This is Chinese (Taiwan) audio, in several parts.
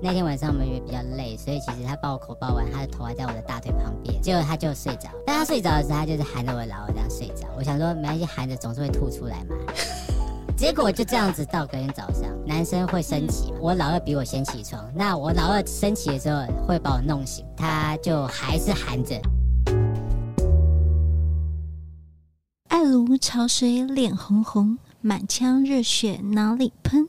那天晚上我們比較累，所以其實他抱我口爆完，他的頭還在我的大腿旁邊，結果他就睡着。當他睡着的時候，他就是含着我老二這樣睡着。我想說，沒關係，含着總是會吐出來嘛。 結果就這樣子到隔天早上，男生會升旗嘛，我老二比我先起床，那我老二升旗的時候會把我弄醒，他就還是含着。愛如潮水，臉紅紅，滿腔熱血哪裡噴？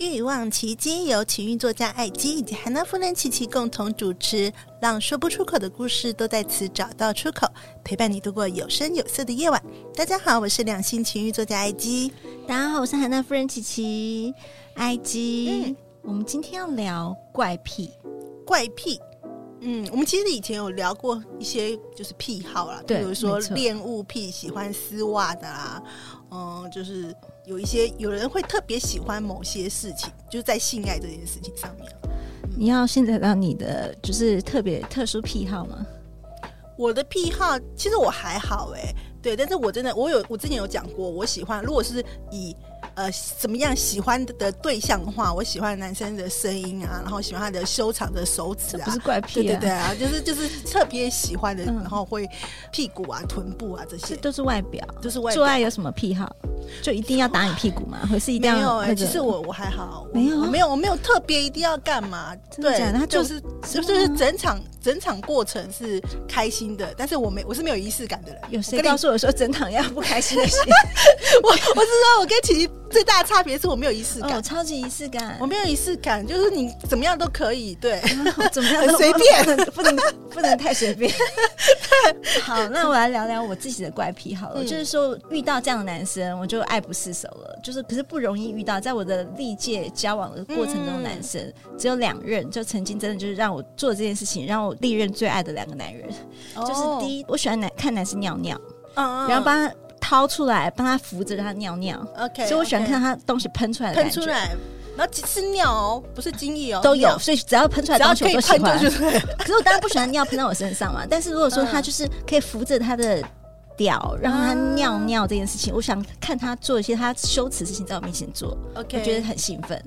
慾望琦姬由情慾作家艾姬以及涵娜夫人琦琦共同主持，讓說不出口的故事都在此找到出口，陪伴你度過有聲有色的夜晚。大家好，我是兩性情慾作家艾姬。大家好，我是涵娜夫人琦琦。艾姬，嗯，我們今天要聊怪癖。怪癖。嗯，我們其實以前有聊過一些就是癖好啦，對，比如說戀物癖，喜歡絲襪的啦，嗯，就是。有一些有人會特別喜歡某些事情，就是在性愛這件事情上面。嗯、你要現在讓你的，就是特別特殊癖好嗎？我的癖好，其實我還好哎、欸，對，但是我真的，我有我之前有講過，我喜歡如果是以呃怎麼樣喜歡的對象的話，我喜歡男生的聲音啊，然後喜歡他的修長的手指啊，不是怪癖、啊，對對對啊， 就是就是特別喜歡的、嗯，然後會屁股啊、臀部啊這些，這都是外表，就是外表。做愛有什麼癖好？就一定要打你屁股嗎？還、oh, 是一定要？沒有哎、欸，其實我我還好，我沒有我沒有，我沒有特別一定要幹嘛。對，對就是就,就是整場整場過程是開心的，但是我沒我是沒有儀式感的人。有誰告訴我說整場要不開心？ 我我是說，我跟琦琦最大的差別是，我沒有儀式感，我、oh, 超級儀式感，我沒有儀式感，就是你怎麼樣都可以，對，怎麼樣隨便 不，不能不能太隨便。 好，那我來聊聊我自己的怪癖好了，嗯、我就是說遇到這樣的男生，我就。就愛不釋手了，就是可是不容易遇到。在我的歷屆交往的過程中，男生、嗯、只有兩任，就曾經真的就是讓我做這件事情，讓我歷任最愛的兩個男人、哦，就是第一我喜歡男看男生尿尿，嗯嗯，然後幫他掏出來，幫他扶着他尿尿、嗯。OK，所以我喜歡看他東西噴出來的感覺，噴出來，然後幾次尿哦，不是精液哦都有，所以只要噴出來東西我喜歡，然後可以噴出來。可是我當然不喜歡尿噴到我身上嘛， 但是如果說他就是可以扶着他的。掉，然後他尿尿這件事情，啊，我想看他做一些他羞恥事情在我面前做，okay. 我覺得很興奮。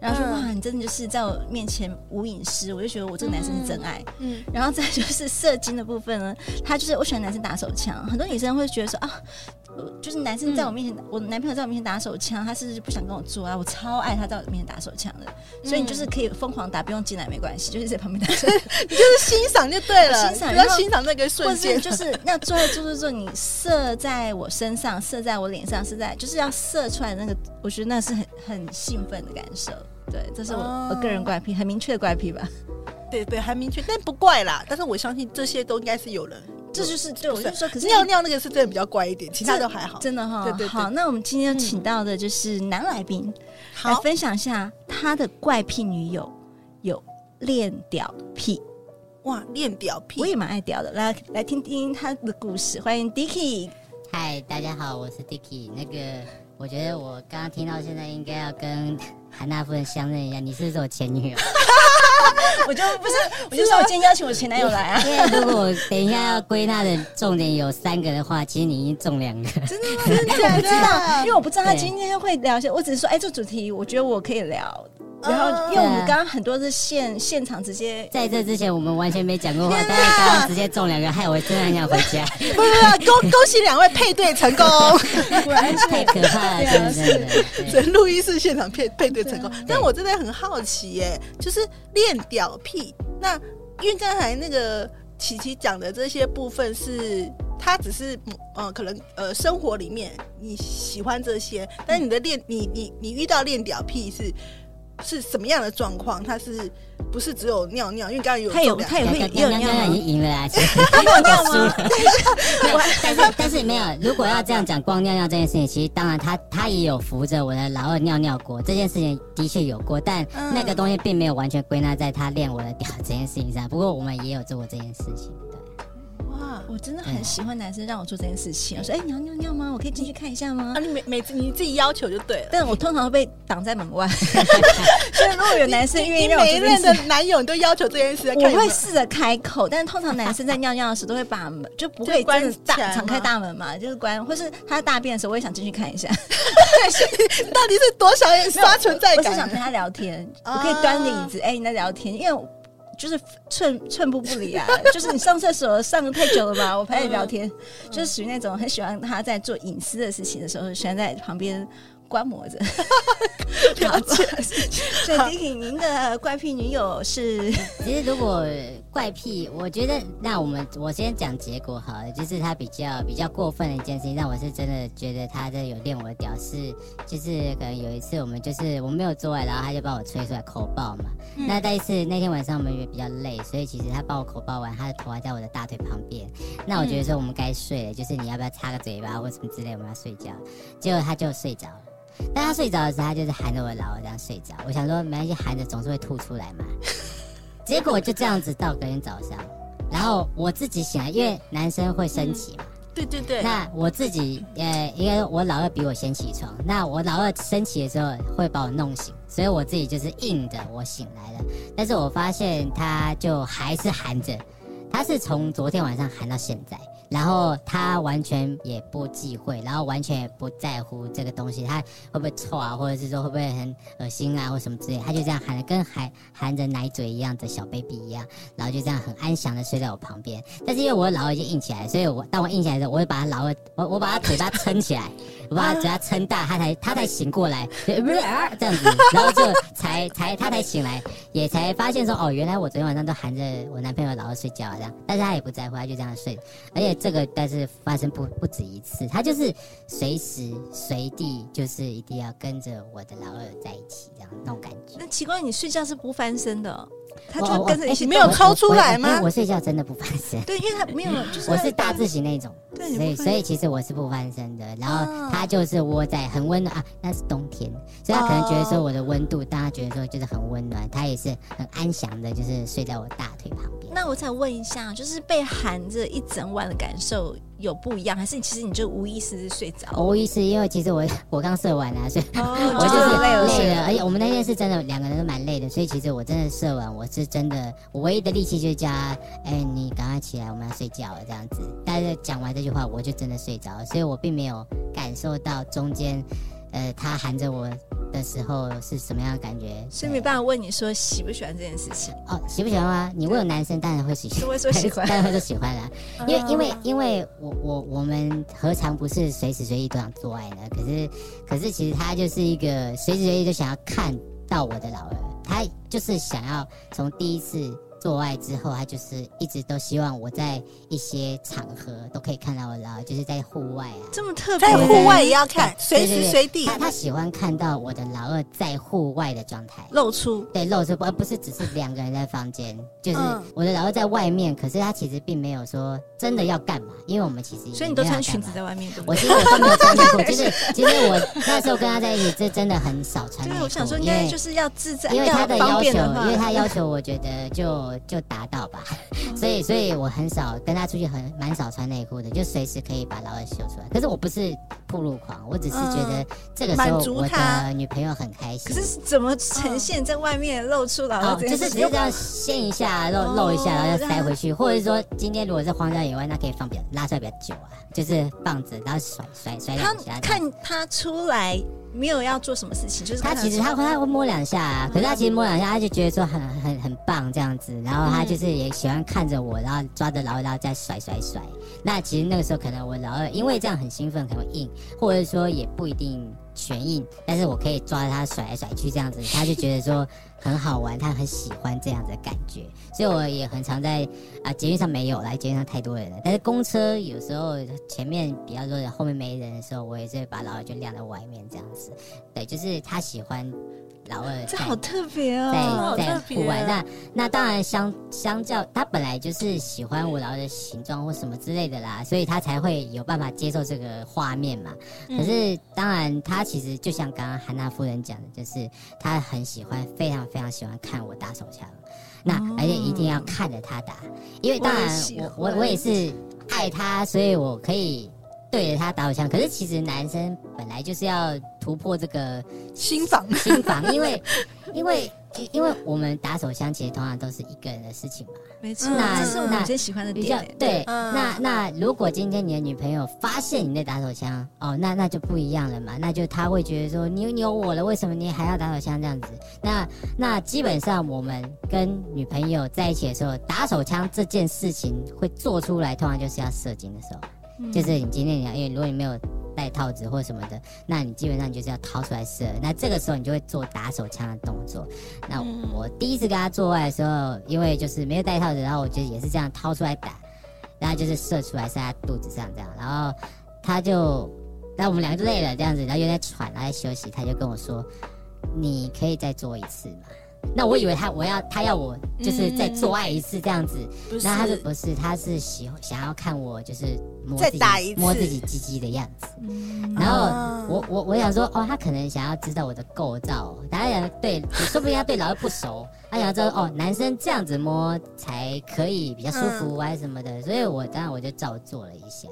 然後說哇，你真的就是在我面前無隱私，我就覺得我這個男生是真愛嗯。嗯，然後再就是射精的部分呢，他就是我喜歡男生打手槍，很多女生會覺得說啊。就是男生在我面前、嗯，我男朋友在我面前打手槍，他是不是不想跟我做啊？我超愛他在我面前打手槍的，嗯，所以你就是可以瘋狂打，不用進來沒關係，就是在旁邊打手槍，嗯、 你就是欣賞就對了，我欣賞，你要欣賞那個瞬間，就是最後做做做，做做做做你射在我身上，射在我臉上，是在就是要射出來那個，我覺得那是很很興奮的感受。對，這是我，哦，我個人怪癖，很明確的怪癖吧？對對對，很明確，但不怪啦。但是我相信這些都應該是有人。這就是對，是我就說，可是尿尿那個是真的比較怪一點、嗯，其他都還好。真的哈？哦，好，那我們今天要請到的就是男來賓，嗯、來分享一下他的怪癖。女友有戀屌癖，哇，戀屌癖，我也蠻愛屌的。來來聽聽他的故事。歡迎 Dicky，嗨，Hi, 大家好，我是 Dicky。那個我覺得我剛剛聽到，現在應該要跟涵娜夫人相認一下，你是，不是我前女友？啊！ 我就不是， 我就說，我今天邀請我前男友來啊。 因為如果等一下要歸納的重點有三個的話，其實你已經中兩個。 真的嗎？真的。 我不知道， 因為我不知道他今天會聊些，我只是說，哎，這主題我覺得我可以聊。然後，因為我們剛剛很多是現、uh, 現場直接，在這之前我們完全沒講過話，但是剛剛直接中兩個， 害我真的很想回家。不 不不，恭恭喜兩位配對成功， 不然是 太可怕了，真 是！在錄音室現場配對配對成功對，但我真的很好奇、欸，耶，就是戀屌癖。那因為剛才那個琦琦講的這些部分是，他只是嗯、呃，可能呃，生活裡面你喜歡這些，但是你的戀、嗯、你你你遇到戀屌癖是。是什麼樣的狀況？他是不是只有尿尿？因為剛剛有他有他也會尿尿尿尿尿也贏了，因為啊，他有尿嗎？但是但是沒有。如果要這樣講，光尿尿這件事情，其實當然他他也有扶着我的老二尿尿過，這件事情的確有過，但那個東西並沒有完全歸納在他戀我的屌這件事情上。不過我們也有做過這件事情的。我真的很喜歡男生讓我做這件事情。嗯、我說，哎、欸，你要尿尿嗎？我可以進去看一下嗎？啊，你每每次你自己要求就對了。但我通常會被擋在門外。 所以如果有男生願意讓，每一任的男友都要求這件事情。我會試着開口， 但是通常男生在尿尿的時候都會把門就不會關，敞開大門嘛，就是關。或是他大便的時候，我也想進去看一下。 到底是多少刷存在感？我是想跟他聊天。啊、我可以端個椅子，哎、欸，你在聊天，因為。就是寸寸步不離啊， 就是你上廁所上太久了吧？我陪你聊天， 就是屬於那種很喜歡他在做隱私的事情的時候，喜歡在旁邊。觀摩着，了解。所以，李穎，您的怪癖女友是？其實，如果怪癖，我覺得，那我們我先講結果好了。就是他比較比較過分的一件事情，讓我是真的覺得他這有戀我的屌。絲。就是可能有一次，我們就是我沒有做愛，然後他就把我吹出來口爆嘛。嗯、那但是那天晚上，我們也比較累，所以其實他幫我口爆完，他的頭還在我的大腿旁邊。那我覺得說我們該睡了、嗯，就是你要不要擦個嘴巴或什麼之類，我們要睡覺。結果他就睡着了。但他睡着的時候，他就是含着我老二這樣睡着。我想說沒關係，含着總是會吐出來嘛。結果就這樣子到隔天早上，然後我自己醒來，因為男生會升旗嘛。嗯，對對對。那我自己呃，因為我老二比我先起床，那我老二升旗的時候會把我弄醒，所以我自己就是硬的，我醒來了。但是我發現他就還是含着，他是從昨天晚上含到現在。然後他完全也不忌諱，然後完全也不在乎這個東西，他會不會臭啊，或者是說會不會很惡心啊，或什麼之類的，他就這樣含着跟含含着奶嘴一樣的小 baby 一樣，然後就這樣很安詳的睡在我旁邊。但是因為我老二已經硬起來，所以我當我硬起來的時候，我會把他老二我我把他嘴巴撐起來，我把他嘴巴撐大，他才他才醒過來，不是這樣子，然後就才才他才醒來，也才發現說哦，原來我昨天晚上都含着我男朋友老二睡覺啊這樣，但是他也不在乎，他就這樣睡，而且。這個但是發生不不止一次，他就是隨時隨地就是一定要跟着我的老二在一起，這樣那種感覺。那奇怪，你睡覺是不翻身的哦？他就跟着一起、欸，沒有掏出來嗎？我，我，我，因為我睡覺真的不翻身。 對，因為他沒有，就是我是大字型那種。對，對所以所以，所以其實我是不翻身的。然後他就是窩在很溫暖、哦、啊，那是冬天，所以他可能覺得說我的溫度，大、哦、家覺得說就是很溫暖，他也是很安詳的，就是睡在我大腿旁邊。那我想問一下，就是被含着一整晚的感受。有不一樣，還是你其實你就無意識睡着，無意識，因為其實我我剛射完啊，所以、oh, 我就是累了、oh, 累了，而且我們那天是真的兩個人都蠻累的，所以其實我真的射完，我是真的，我唯一的力氣就是叫，哎、欸，你趕快起來，我們要睡覺了這樣子。但是講完這句話，我就真的睡着了，所以我並沒有感受到中間。呃，他含着我的時候是什麼樣的感覺？所以沒辦法問你說喜不喜歡這件事情、嗯、哦，喜不喜歡啊？你問男生當然會喜，是會說喜歡，當然會說喜歡了、啊。 因為因為因為我我我們何嘗不是隨時隨地都想做愛呢？可是可是其實他就是一個隨時隨地就想要看到我的老二，他就是想要從第一次。做愛之後，他就是一直都希望我在一些場合都可以看到我的老二，就是在戶外啊，這麼特別，在戶外也要看，隨時隨地。他他喜歡看到我的老二在戶外的狀態，露出，對，露出，而不，不是只是兩個人在房間，就是我的老二在外面，可是他其實並沒有說真的要幹嘛，因為我們其實。所以你都穿裙子在外面，對對我其實我都沒有穿內褲、 就是，就是其實我那時候跟他在一起，這、就是、真的很少穿內褲。就是、我想說應該就是要自在，因為他的要求，因為他的要求，他要求我覺得就。就達到吧，所以所以我很少跟他出去，很蠻少穿內褲的，就隨時可以把老二秀出來。可是我不是暴露狂，我只是覺得這個時候我的女朋友很開心，嗯。可是怎麼呈現在外面露出老二，哦怎樣？哦哦就是直接這樣掀一下，露、哦、露一下，然後塞回去，或者是說今天如果是荒郊野外，那可以放比較拉出來比較久啊，就是棒子，然後甩甩甩兩下看他出來沒有要做什麼事情，就是他，他其實他他會摸兩下，啊，可是他其實摸兩下他就覺得說很很很棒這樣子。然後他就是也喜歡看着我，然後抓着老二，然後再甩甩甩。那其實那個時候可能我老二因為這樣很興奮，可能硬，或者說也不一定全硬，但是我可以抓着他甩來甩去這樣子，他就覺得說很好玩，他很喜歡這樣子的感覺。所以我也很常在啊、呃，捷運上沒有，來捷運上太多人了。但是公車有時候前面比較多人，後面沒人的時候，我也是把老二就晾在外面這樣子。對，就是他喜歡。這好特別哦，在在，在戶外，那那當然相相較他本來就是喜歡我老二的形狀或什麼之類的啦，所以他才會有辦法接受這個畫面嘛。可是當然，他其實就像剛剛涵娜夫人講的，就是他很喜歡，非常非常喜歡看我打手槍，那而且一定要看着他打，哦、因為當然我我也我，我也是愛他，所以我可以。對他打手槍，可是其實男生本來就是要突破這個心防，心防， 因為因為因為我們打手槍其實通常都是一個人的事情嘛，沒錯，那是男生喜歡的點。對，對啊，那那如果今天你的女朋友發現你在打手槍，哦，那那就不一樣了嘛，那就他會覺得說你,你有我了，為什麼你還要打手槍這樣子？那那基本上我們跟女朋友在一起的時候，打手槍這件事情會做出來，通常就是要射精的時候。就是你今天你要，因為如果你沒有戴套子或什麼的，那你基本上就是要掏出來射。那這個時候你就會做打手槍的動作。那我第一次跟他做愛的時候，因為就是沒有戴套子，然後我就也是這樣掏出來打，然後就是射出來射在他肚子上這樣。然後他就，那我們兩個就累了這樣子，然後有點喘，然後在休息，他就跟我說：“你可以再做一次嘛。”那我以為他，我要他要我，就是再做愛一次這樣子。嗯、然後他說不是，他是喜歡，想要看我就是摸自己一次摸自己雞雞的樣子？嗯、然後我、啊、我我，我想說哦，他可能想要知道我的構造，當然對，說不定他對老二不熟， 他想要知道哦，男生這樣子摸才可以比較舒服啊什麼的。嗯、所以我當然我就照做了一下，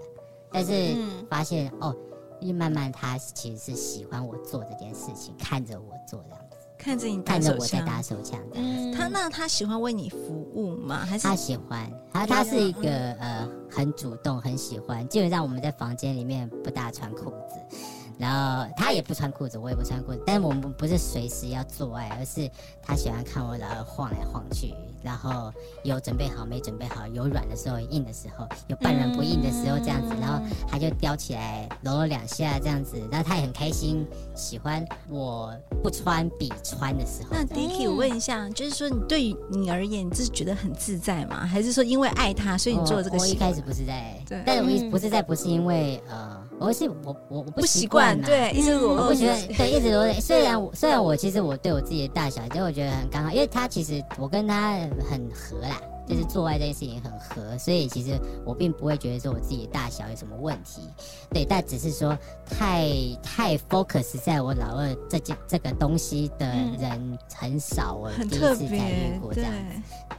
但是發現、嗯、哦，因為慢慢他其實是喜歡我做這件事情，看着我做的。看着你，看著我在打手槍、嗯，他那他喜歡為你服務嗎？還是他喜歡他、哎？他是一個、嗯、呃，很主動，很喜歡，就讓我們在房間裡面不大穿褲子。然後他也不穿褲子，我也不穿褲子，但是我們不是隨時要做愛、欸，而是他喜歡看我然後晃來晃去，然後有準備好沒準備好，有軟的時候硬的時候，有半軟不硬的時候、嗯、這樣子，然後他就叼起來揉了兩下這樣子，然後他也很開心，喜歡我不穿比穿的時候。那 Dick、嗯、我問一下，就是說你對於你而言，你就是覺得很自在嗎？還是說因為愛他，所以你做這個事？我一開始不自在、欸對，但我我不自在，不是因為、嗯、呃。我是我我我不習慣，對，一直我不習慣，嗯 okay。對，一直我雖然我雖然我其實我對我自己的大小，其實我覺得很剛好，因為他其實我跟他很合啦，就是做愛這件事情很合，所以其實我並不會覺得說我自己的大小有什麼問題，對，但只是說太太 focus 在我老二這件這個東西的人很少，嗯、我第一次在遇過這樣，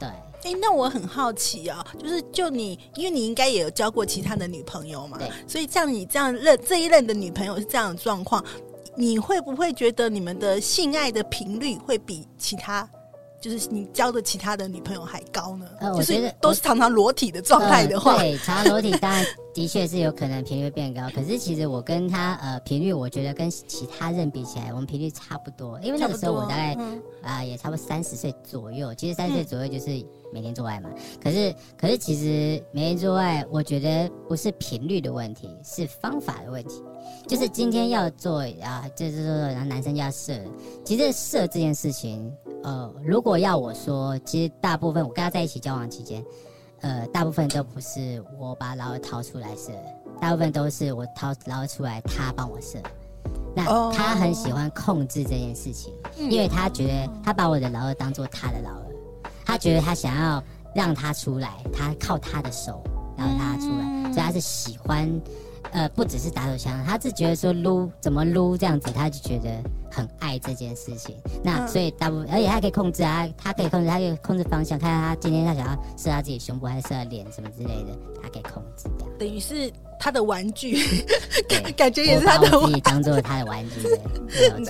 對。對哎、欸，那我很好奇啊、喔，就是就你，因為你應該也有交過其他的女朋友嘛，對，所以像你這樣認這一任的女朋友是這樣的狀況，你會不會覺得你們的性愛的頻率會比其他就是你交的其他的女朋友還高呢？呃、就是都是常常裸體的狀態的話，呃、對常常裸體大概 的確是有可能頻率會變高，可是其實我跟他呃頻率，我覺得跟其他人比起來，我們頻率差不多，因為那、這個時候我大概啊、嗯呃、也差不多三十歲左右，其實三十歲左右就是每天做愛嘛。嗯、可是可是其實每天做愛，我覺得不是頻率的問題，是方法的問題。就是今天要做啊、呃，就是說然後男生就要射，其實射這件事情，呃，如果要我說，其實大部分我跟他在一起交往期間。呃，大部分都不是我把老二掏出來射，大部分都是我掏老二出來，他幫我射。那他很喜歡控制這件事情，因為他覺得他把我的老二當做他的老二，他覺得他想要讓他出來，他靠他的手然後他出來，所以他是喜歡，呃，不只是打手槍，他是覺得說擼怎麼擼這樣子，他就覺得。很愛這件事情，那所以大部分，而且他可以控制啊，他可以控制，他可以控制方向，看，看他今天他想要射他自己胸部還是射他臉什麼之類的，他可以控制，啊、等於是他的玩具，感 感覺也是他的玩具。我我當做他的玩具，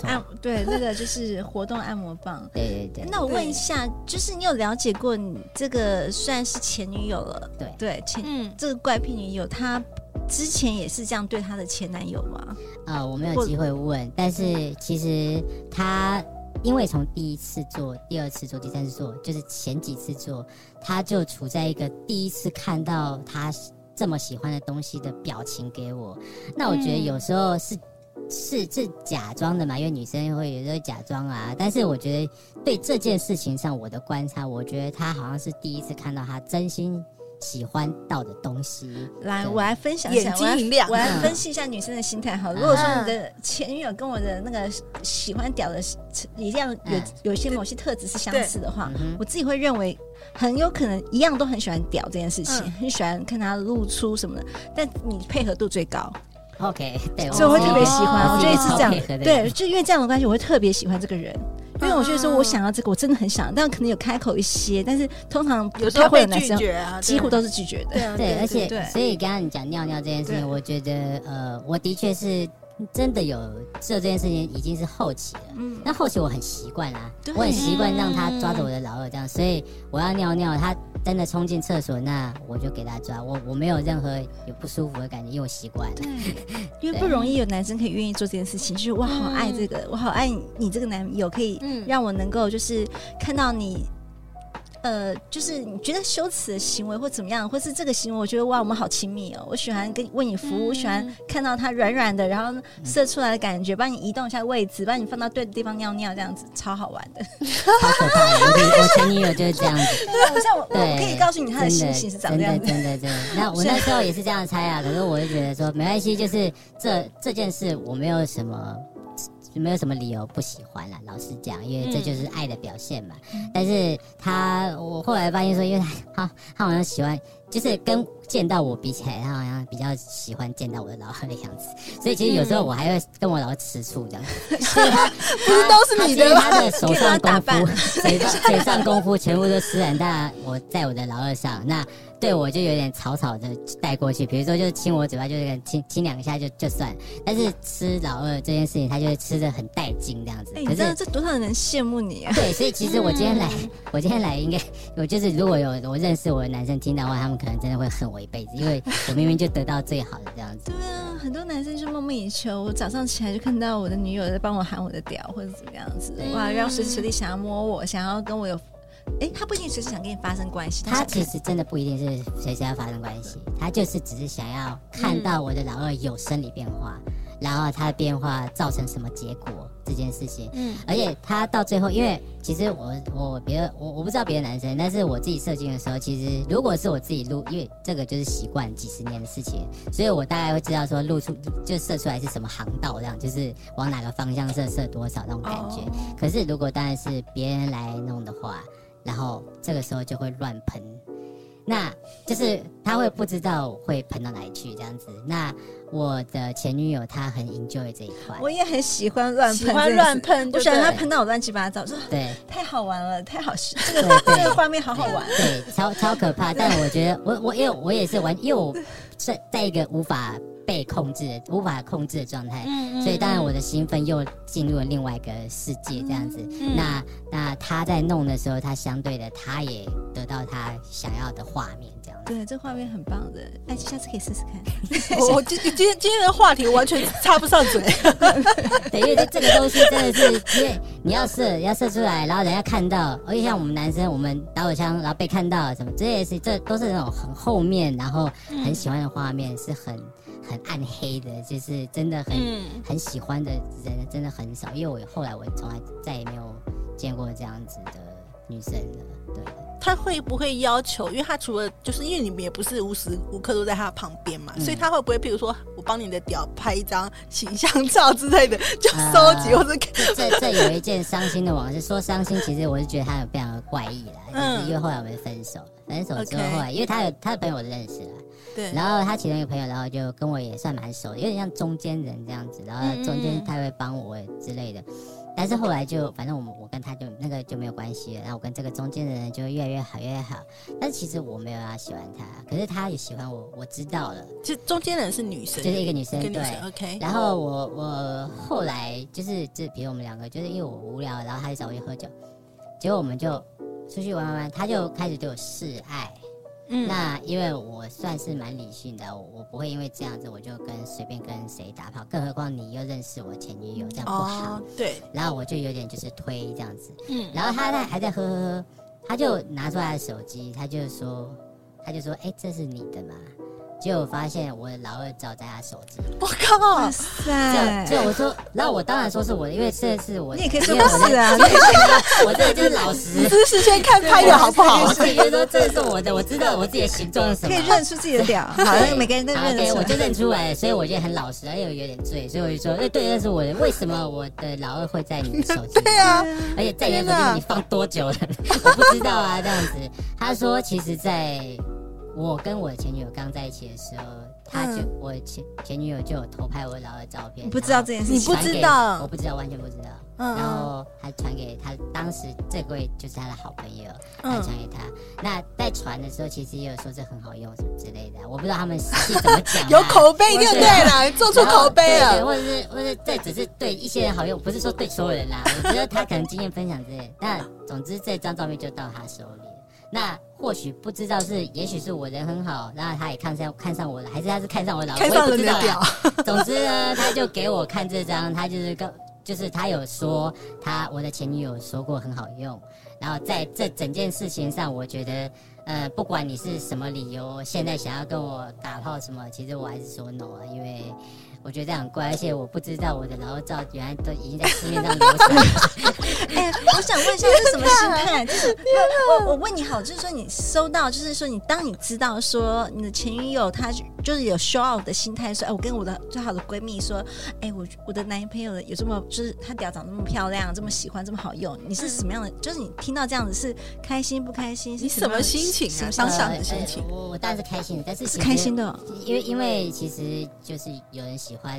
按對，那、 這個就是活動按摩棒。 對，對對對。那我問一下，就是你有了解過你這個算是前女友了，對對前，嗯，這個怪癖女友，她之前也是這樣對她的前男友嗎？呃，我沒有機會問，但是其實她因為從第一次做、第二次做、第三次做，就是前幾次做，她就處在一個第一次看到她這麼喜歡的東西的表情給我。那我覺得有時候是、嗯、是這假裝的嘛，因為女生會有時候假裝啊。但是我覺得對這件事情上我的觀察，我覺得她好像是第一次看到她真心。喜歡到的東西，來，我來分享一下，眼睛亮了，我、嗯，我來分析一下女生的心態。哈。如果說你的前女友跟我的那個喜歡屌的、嗯、一樣有有些某些特質是相似的話、啊，我自己會認為很有可能一樣都很喜歡屌這件事情，嗯、很喜歡看他露出什麼的。但你配合度最高，OK，對，okay，所以我會特別喜歡。哦、我覺得是這樣，對，就因為這樣的關係，我會特別喜歡這個人。因為我覺得說我想要這個、哦，我真的很想，但可能有開口一些，但是通常有，他男生有時候會拒絕啊，幾乎都是拒絕的。對、啊，而且所以剛剛你講尿尿這件事情，我覺得呃，我的確是真的有做這、這件事情，已經是後期了。嗯，那後期我很習慣啦、啊啊，我很習慣讓他抓着我的老二這樣，所以我要尿尿他。真的衝進廁所，那我就給他抓我，我沒有任何有不舒服的感覺，因為我習慣了。對、 因為不容易有男生可以願意做這件事情，就是我好愛這個，嗯、我好愛你這個男友，可以讓我能夠就是看到你。呃，就是你覺得羞恥的行為或怎麼樣，或是這個行為，我覺得哇，我們好親密哦，我喜歡跟為你，你服務，我、嗯、喜歡看到他軟軟的，然後射出來的感覺，幫你移動一下位置，幫你放到對的地方尿尿，這樣子超好玩的，好可怕！ 我跟你，我前女友就是這樣子， 對，像我對，我可以告訴你他的心情是怎樣子的，的，對對。對，那我那時候也是這樣猜啊，可是我就覺得說沒關係，就是這這件事我沒有什麼。就沒有什麼理由不喜歡了，老實講，因為這就是愛的表現嘛。嗯、但是他，我後來發現說，因為他，他好像喜歡，就是跟見到我比起來，他好像比較喜歡見到我的老二的樣子。所以其實有時候我還會跟我老二吃醋這樣。哈、嗯、他 不是都是你的嗎？他,他的手上功夫、嘴上,上功夫全部都施展在我在我的老二上那。對我就有點草草的帶過去，比如說就是親我嘴巴就個個就，就是親親兩下就就算。但是吃老二這件事情，他就是吃的很帶勁這樣子。哎，欸、你真的，這多少人羨慕你啊！對，所以其實我今天來，嗯、我今天來應該，我就是如果有我認識我的男生聽到的話，他們可能真的會恨我一輩子，因為我明明就得到最好的這樣子。 對啊，很多男生就夢寐以求，我早上起來就看到我的女友在幫我含我的屌，或者怎麼樣子。哇，要是吃力想要摸我，想要跟我有。誒、欸，他不一定隨時想跟你發生關係。他其實真的不一定是隨時要發生關係，他就是只是想要看到我的老二有生理變化，嗯、然後他的變化造成什麼結果這件事情。嗯，而且他到最後，因為其實我我別的我我不知道別的男生，但是我自己射精的時候，其實如果是我自己錄，因為這個就是習慣幾十年的事情，所以我大概會知道說露出就射出來是什麼航道，這樣就是往哪個方向射射多少那種感覺、哦。可是如果當然是別人來弄的話。然後這個時候就會亂噴，那就是他會不知道會噴到哪裡去這樣子。那我的前女友她很 enjoy 這一塊，我也很喜歡亂噴，喜歡亂噴，不喜歡她噴到我亂七八糟，說對，對，太好玩了，太好笑，這個這個畫面好好玩，嗯、對，超超可怕。但我覺得我我因為我也是玩，因為我是在在一個無法。被控制的，無法控制的狀態，嗯，所以當然我的興奮又進入了另外一個世界，這樣子。嗯嗯、那那他在弄的時候，他相對的他也得到他想要的畫面，這樣子。對，這畫面很棒的，哎，下次可以試試看。 我今今天今天的話題完全插不上嘴，等 於 這個東西真的是，因為你要射，要射出來，然後人家看到，而且像我們男生，我們打火槍，然後被看到什麼，這也是這都是那種很後面，然後很喜歡的畫面，嗯，是很。很暗黑的，就是真的很、嗯、很喜歡的人，真的很少。因為我後來我從來再也沒有見過這樣子的女生了。對，他會不會要求？因為他除了就是因為你們也不是無時無刻都在他的旁邊嘛、嗯，所以他會不會，譬如說我幫你的屌，拍一張形象照之類的，就收集或者？呃、我就這這有一件傷心的往事， 說傷心其實我是覺得他有非常的怪異啦，嗯就是、因為後來我們分手，分、嗯、手之後後、okay. 因為他有他的朋友，我認識了。對，然後他其中一個朋友，然後就跟我也算蠻熟的，有點像中間人這樣子，然後中間他會幫我之類的。嗯、但是後來就反正我我跟他就那個就沒有關係了。然後我跟這個中間人就越來越好越來越好，但是其實我沒有要、啊、喜歡他，可是他也喜歡我，我知道了。就中間人是女生，就是一個女生，對、okay、然後我我後來就是就比如我們兩個，就是因為我無聊，然後他就找我去喝酒，結果我們就出去玩玩玩，他就開始對我示愛。嗯、那因為我算是蠻理性的，我不會因為這樣子，我就跟隨便跟誰打炮。更何況你又認識我前女友，這樣不好、啊。對，然後我就有點就是推這樣子，嗯，然後他呢還在呵呵呵，他就拿出來的手機，他就說，他就說，哎、欸，這是你的嗎？就發現我的老二照在他手機，我靠、啊塞，這樣，這樣我說，然後我當然說是我，的，因為這是我的，你也可以說是啊，我這個 就是老實，姿勢先看拍的好不好、啊？所以都真的是我的，我知道我自己的形狀是什麼，可以認出自己的屌。好，好，每個人都認出，okay, 我就認出來，所以我覺得很老實，而且我有點醉，所以我就說，那對，那是我的，為什麼我的老二會在你的手機？對啊對，而且在你手機裡你放多久了？ 我不知道啊，這樣子。他說，其實，在。我跟我的前女友剛在一起的時候，嗯、他就我前前女友就有偷拍我老二照片，不知道這件事。你不知道？我不知道，完全不知道。嗯、然後還傳給他，當時這位就是他的好朋友，還、嗯、傳給他。那在傳的時候，其實也有說這很好用什麼之類的，我不知道他們是怎麼講。 有口碑就 對了，做出口碑了，對對，或者是或者這只是對一些人好用，不是說對所有人啦。 我覺得他可能經驗分享之類的。那總之這張照片就到他手裡了。那。或許不知道是，也許是我人很好，然後他也看上看上我了，還是他是看上我老婆？我也不知道。總之呢， 他就給我看這張，他就是跟，就是他有說他我的前女友說過很好用。然後在這整件事情上，我覺得，呃，不管你是什麼理由，現在想要跟我打炮什麼，其實我還是說 no，因為。我覺得這樣很怪，而且我不知道我的老照原來都已經在市面上流了哎、 欸，我想問一下是什麼心態？就 是我，我問你好，就是說你收到，就是說你當你知道說你的前女友她就是有 show out 的心態，說哎，我跟我的最好的閨蜜說，哎，我我的男朋友有這麼、嗯、就是他屌長那麼漂亮、嗯，這麼喜歡，這麼好用，你是什麼樣的？就是你聽到這樣子是開心不開心？你什麼心情？啊、呃？什麼方向的心情？呃呃、我當然是開心，但是是開心的，因為因為其實就是有人。喜 歡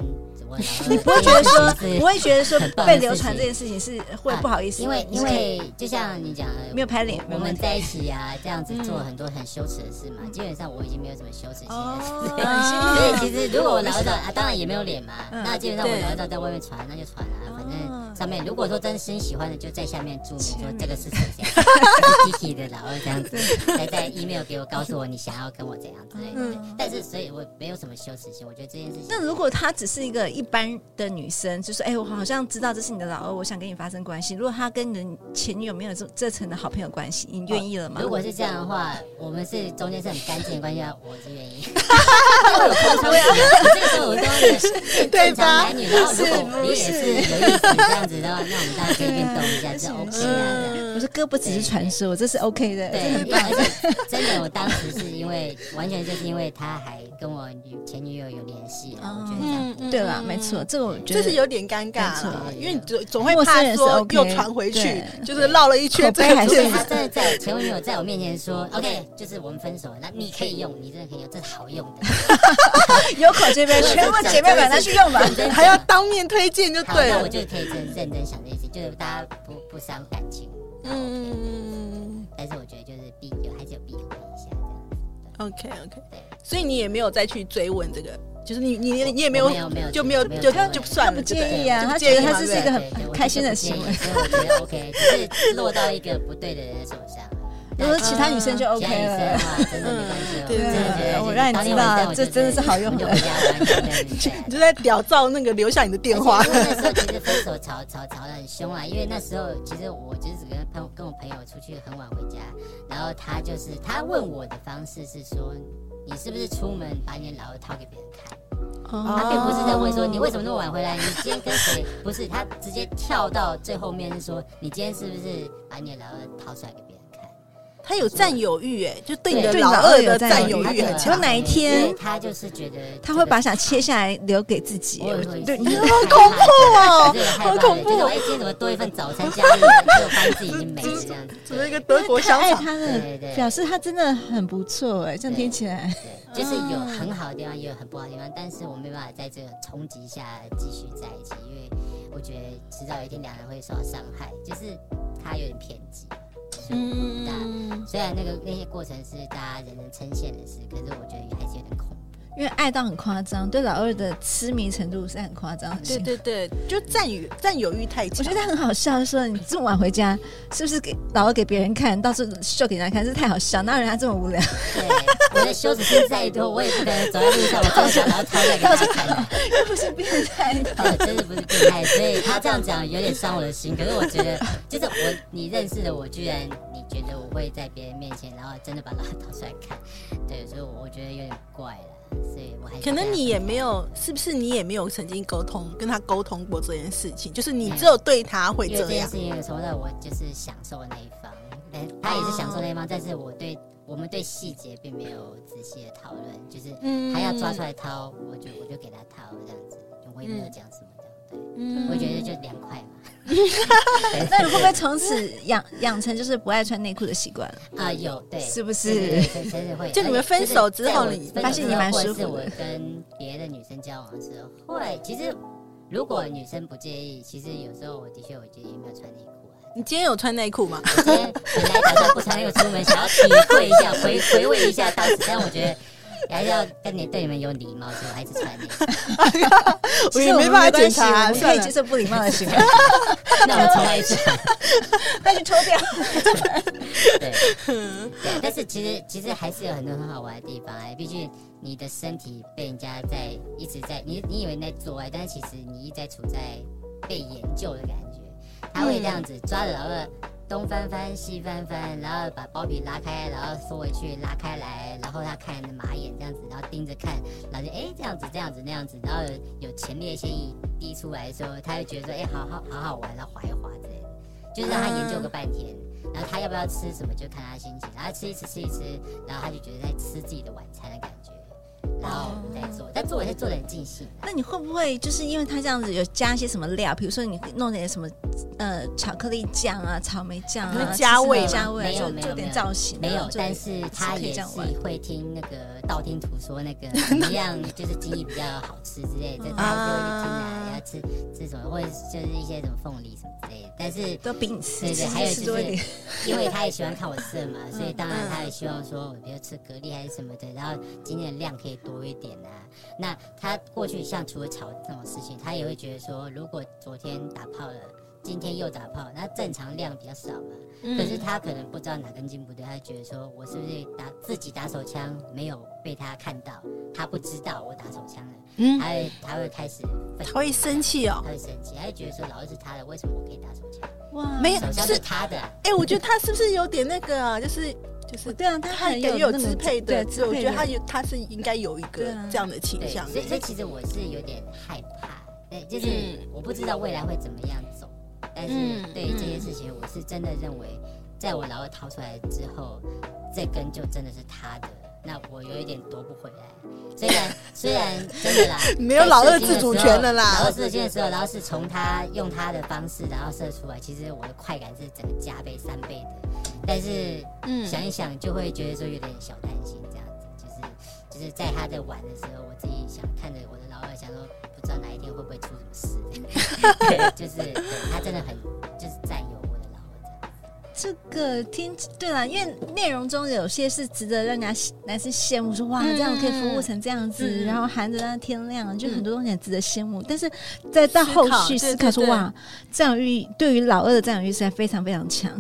你不會覺得說 不會覺得說被流傳這件事情是會不好意思、 啊？因為因為就像你講的，沒有拍臉我，我們在一起啊，這樣子做很多很羞恥的事嘛、嗯。基本上我已經沒有什麼羞恥心了，哦、 所以其實如果我老二、 啊，當然也沒有臉嘛、嗯，那基本上我老二在外面傳、嗯、那就傳啊，反正。上面如果說真心喜歡的，就在下面注明、嗯、說這個是誰誰的老二這樣子，再、嗯、在 email 給我告訴我你想要跟我怎樣之類的、嗯。但是所以，我沒有什麼羞恥心，我覺得這件事情。那如果她只是一個一般的女生，就說哎、欸，我好像知道這是你的老二、嗯，我想跟你發生關係。如果她跟你的前女友沒有這這層的好朋友關係，你願意了嗎？如果是這樣的話，我們是中間是很乾淨的關係，啊，我是願意。哈哈哈哈哈哈！你 要、嗯、說，不要說男女，對吧？不是不是。然後那我們大家隨便抖一下就、嗯、OK 啊。我說哥不只是傳說，這是 OK 的。對，真的，我當時是因為 完全就是因為他還跟我前女友有聯繫、嗯，我覺得這樣對吧？嗯、沒錯，這個這是有點尷尬、尷尬啊，因為總總會怕說我 OK，又傳回去，就是繞了一圈。最後還是他在在前女友在我面前說 OK，就是我們分手，那你可以用，你真的可以用，這是好用的。 有口皆碑 全部姐妹們，去用吧，還要當面推薦就對了， 我覺得可以。認真想這些、OK, 嗯，就是大家不不傷感情。嗯，但是我覺得就是避有還是有避諱一下 OK OK。所以你也沒有再去追問這個，就是你你你也沒有沒有，沒有就沒有，沒有就就算了。不介意啊，啊，他覺得他這是一個很開心的行為。所以我覺得 OK，就 是落到一個不對的人的手上。如果其他女生就 OK 了。嗯啊、真的沒關係、嗯、對，對，對，我讓你知道，這真的是好用的。你就，就在屌照那個留下你的電話。 那時候其實分手吵吵吵得很凶啊，因為那時候其實我就是跟朋跟我朋友出去很晚回家，然後他就是他問我的方式是說，你是不是出門把你的老二掏給別人看？他、oh. 並、啊、不是在問說你為什麼那麼晚回來，你今天跟誰？ 不是，他直接跳到最後面是說，你今天是不是把你的老二掏出來給別人？他有占有欲、欸，哎，就對你的老二的占有欲，有有欲、啊、很強。哪一天，他就是覺得，覺得他會把想切下來留給自己，對，好 恐怖啊、喔，好恐怖！哪一、欸、天怎麼多一份早餐，這 樣就發現自己已經沒了，這樣。一個德國香腸，對，他他對，對對，表示他真的很不錯，哎，這樣聽起來，就是有很好的地方、啊，也有很不好的地方，但是我沒辦法在這個衝擊下繼續在一起，因為我覺得遲早有一天兩人會受到傷害，就是他有點偏激。嗯，雖然那個那些過程是大家人人稱羨的事，可是我覺得還是有點恐。因為愛到很誇張，對老二的痴迷程度是很誇張。很啊、對對對，就占有占有欲太強。我覺得他很好笑，說你這麼晚回家，是不是給老二給別人看到處秀給他看？這太好笑了，哪有人家這麼無聊。對。 我的羞恥心再多，我也不可能走在路上，我真會想要掏出來給他看。這 不是變態的，真 的、就是、不是變態。所以他這樣講有點傷我的心。可是我覺得，就是我你認識的我，居然你覺得我會在別人面前，然後真的把老二掏出來看？對，所以我覺得有點怪了。所以，我還，可能你也沒有，是不是你也沒有曾經溝通跟他溝通過這件事情？就是你只有對他會這樣。因為這件事情有時候，那我就是享受那一方，但他也是享受那一方，哦、但是我對我們對細節並沒有仔細的討論，就是他要抓出來掏，我就我就給他掏這樣子，就我也沒有講什麼這樣、嗯、對，我覺得就涼快。 那你會不會從此養養 成就是不愛穿內褲的習慣了啊？有對，是不是？對對對是 就你們分手之後你，你、就是、分手你後，你發現你蠻舒服的。是我跟別的女生交往的時候，會。其實如果女生不介意，其實有時候我的確我介意沒有穿內褲。啊，你今天有穿內褲嗎？我今天本來打算不穿，因為出門 想要體會一下， 回回味一下當時。但我覺得。還是要跟你對你們有禮貌，所以我還是穿。哈哈，其實沒辦法接受， 我沒我可以接受不禮貌的行為。 那我們重來一次，快去脫掉。 對、嗯，但是其實其實還是有很多很好玩的地方哎、欸。畢竟你的身體被人家在一直在，你你以為你在做愛、欸，但是其實你一直在處在被研究的感覺。他會這樣子抓着東翻翻，西翻翻，然後把包皮拉開，然後縮回去，拉開來，然後他看了馬眼這樣子，然後盯着看，然後就哎這樣子，這樣子，那樣子，然後有，有前列腺液滴出來的時候，他就覺得說哎好好好好，好玩，啊，滑一滑之類的，就是讓他研究個半天，然後他要不要吃什麼就看他心情，然後吃一吃吃一吃，然後他就覺得在吃自己的晚餐的感覺。然後，再做，但做也是做的很盡興。那你會不會就是因為他這樣子有加一些什麼料？比如說你弄點什麼，呃，巧克力醬啊，草莓醬、啊，加味沒有加味、啊、沒有就做點造型、啊。沒有，但是他也是會聽那個道聽途說，那個怎麼 樣就是精液比較好吃之類的， 他就進來。啊吃吃什麼，或者就是一些什麼鳳梨什麼之類的，但是都比你吃。對，對對，還有就是，因為他也喜歡看我吃嘛， 所以當然他也希望說，比如吃蛤蜊還是什麼的，然後今天的量可以多一點啊。那他過去像除了炒這種事情，他也會覺得說，如果昨天打炮了。今天又打炮，那正常量比較少嘛，嗯。可是他可能不知道哪根筋不對，他就覺得說：“我是不是打自己打手槍沒有被他看到？他不知道我打手槍了。”嗯。他會他會開始，他會生氣哦。他會生氣，他就覺得說：“老二是他的，為什麼我可以打手槍？哇，沒有是他的，啊。”哎，欸，我覺得他是不是有點那個啊？就是就是、 就是、對啊，他感覺有支配的。對，對我覺得他有，他是應該有一個這樣的傾向的。所以所以其實我是有點害怕，對，就是、嗯、我不知道未來會怎麼樣走。但是，對於這件事情，嗯嗯，我是真的認為，在我老二掏出來之後，這根就真的是他的，那我有一點奪不回來。雖然 雖然真的啦，沒有老二自主權了啦。老二射箭的，的時候，然後是從他用他的方式，然後射出來，其實我的快感是整個加倍三倍的。但是，嗯，想一想就會覺得說有點小擔心這樣子，嗯、就是就是在他在玩的時候，我自己想看着我的老二，想說不知道哪一天會不會出什麼事的。 對，就是他真的很就是占有我的老二。這個聽對了，因為內容中有些是值得讓人家男生羨慕說，說哇、嗯，這樣可以服務成這樣子，嗯、然後含着讓他天亮、嗯，就很多東西值得羨慕、嗯。但是，再到後續思考,對對對對考說哇，占有欲對於老二的占有欲實在非常非常強。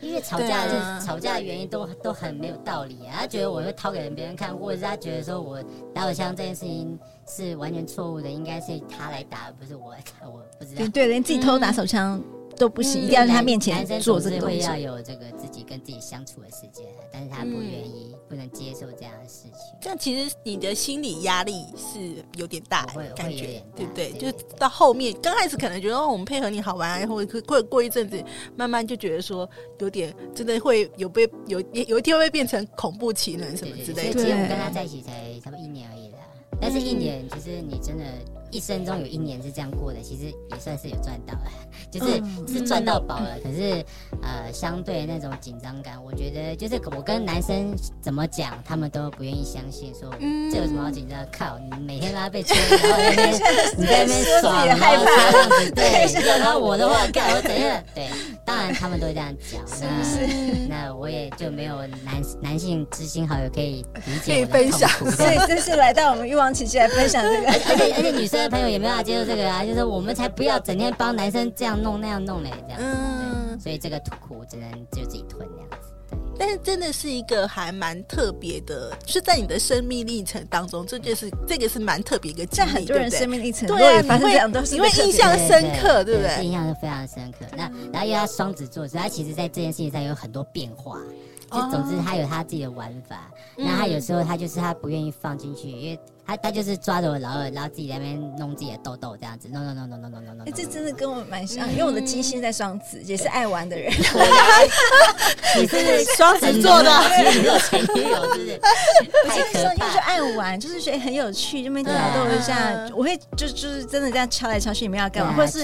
因為吵架、啊就是吵架的原因都都很沒有道理、啊，他覺得我會掏給人別人看，或者是他覺得說我打我槍這件事情。是完全錯誤的，應該是他來打，不是我，我不知道。對，連自己偷偷拿手槍都不行、嗯，一定要在他面前做這個。要有這個自己跟自己相處的時間，但是他不願意、嗯，不能接受這樣的事情。這樣其實你的心理壓力是有點大的感覺對不對，對？就到後面，剛開始可能覺得哦，我們配合你好玩啊，然後過過一陣子，慢慢就覺得說有點真的會有被有有一天會變成恐怖情人什麼之類的。對對對，其實我們跟他在一起才差不多一年而已的。但是一年，其實你真的。一生中有一年是這樣過的，其實也算是有賺到了、嗯，就是是賺到寶了、嗯。可是、嗯，呃，相對那種緊張感、嗯，我覺得就是我跟男生怎麼講，他們都不願意相信說，說、嗯、這有什麼好緊張？靠，你每天都要被催。然後在那邊 你在那邊爽，然後這樣子對對對。對，然後我的話，看我怎樣？對，當然他們都這樣講，是，是那，那我也就沒有男男性知心好友可以理解可以分享，所以這是來到我們慾望琦姬來分享這個，而且， 而，且而且女生。朋友也沒有辦法接受這個啊，就是我們才不要整天幫男生這樣弄那樣弄嘞，這樣。嗯。所以這個痛苦只能就自己吞那樣子。對。但是真的是一個還蠻特別的，是在你的生命歷程當中，這就，就是這個是蠻特別一個經歷，很多人生命歷程當中，發生在兩因為印象深刻，對不對，對？印象是非常深刻。嗯、那然後又要雙子座，所以他其實在這件事情上有很多變化。哦。就總之他有他自己的玩法，哦、那他有時候他就是他不願意放進去、嗯，因為。他他就是抓着我老二，然後然後自己在那邊弄自己的豆豆，這樣子弄弄弄弄弄弄弄弄。哎、no, no, no, no, no 欸，這真的跟我蠻像，嗯啊、因為我的金星在雙子、嗯，也是愛玩的人。 你是雙子座的，很、嗯、有，對不對？我就是說 因為就愛玩，就是覺得很有趣，就那邊逗一下，我會就就是真的這樣敲來敲去，你們要幹嘛？或者是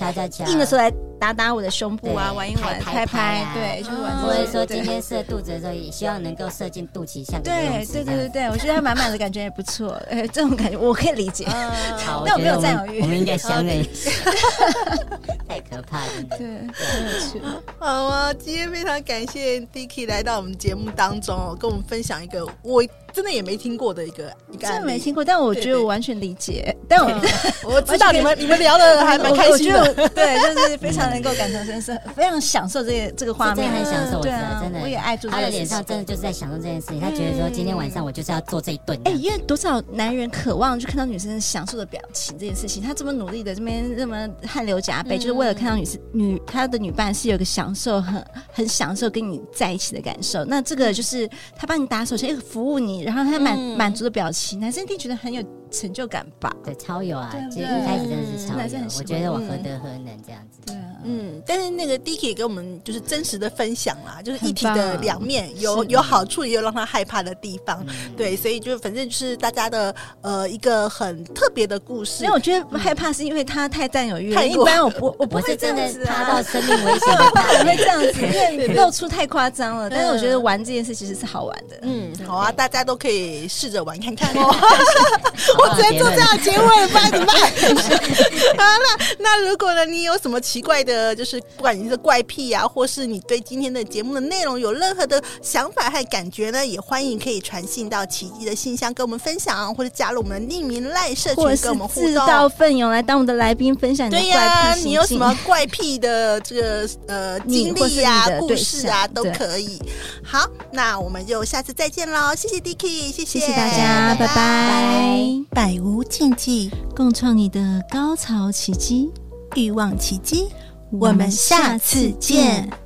硬的時候來打打我的胸部啊，玩一玩，拍拍，拍，拍，拍、啊。對，就是玩、嗯。所以說今天射肚子的時候，也希望能夠射進肚臍，下面。對對對對對，我覺得他滿滿的感覺也不錯。哎，這種。感覺我可以理解、uh,， 但我沒有占有欲。 我們應該相認一下、uh, okay. 太可怕了 對。對，好啊！今天非常感謝 Dick 來到我們節目當中哦，跟我們分享一個我。真的也沒聽過的一個，一個真的沒聽過，但我覺得我完全理解。對對對，但我我知道你們你們聊的還蠻開心的，對，就是非常能夠感同身受深、嗯，非常享受這個這個畫面，很享受，我知道，真的、啊，真的，我也愛住這事，他的臉上，真的就是在享受這件事情、嗯。他覺得說今天晚上我就是要做這一頓。哎、欸，因為多少男人渴望去看到女生享受的表情這件事情，他這麼努力的這邊這麼汗流浹背、嗯，就是為了看到女生女他的女伴是有個享受，很很享受跟你在一起的感受。那這個就是他幫你打手槍，哎，服務你。然後他滿、嗯、滿足的表情，男生一定覺得很有成就感吧？對，超有啊！一開始真的是超有，我覺得我何德何能這樣子。嗯、對嗯，但是那個迪克給我們就是真實的分享啦，就是一體的兩面有，有、啊、有好處，也有讓他害怕的地方、嗯。對，所以就反正就是大家的呃一個很特別的故事。因、嗯、為、嗯嗯呃、我覺得、嗯、我害怕是因為他太占有欲，太一般我，我不我不會真的他到生命危險，不 會這樣子，因為露出太誇張了 對對對。但是我覺得玩這件事其實是好玩的。嗯，好啊，大家都可以試着玩看看。 好好 我直接做這樣的結尾吧，怎麼辦？ 好啦，那如果呢，你有什麼奇怪的？呃，就是不管你的怪癖呀、啊，或是你對今天的節目的內容有任何的想法和感覺呢，也歡迎可以傳信到琦姬的信箱，跟我們分享、啊，或者加入我們的匿名賴社群，跟我們互動。自告奮勇來當我們的來賓，分享你的怪癖對呀、啊，你有什麼怪癖的這個 呃經歷呀、啊、故事啊，都可以。好，那我們就下次再見嘍！謝謝 Dicky，謝謝，謝謝大家，拜拜！Bye bye 百無禁忌，共創你的高潮奇跡，欲望琦姬。我們下次見。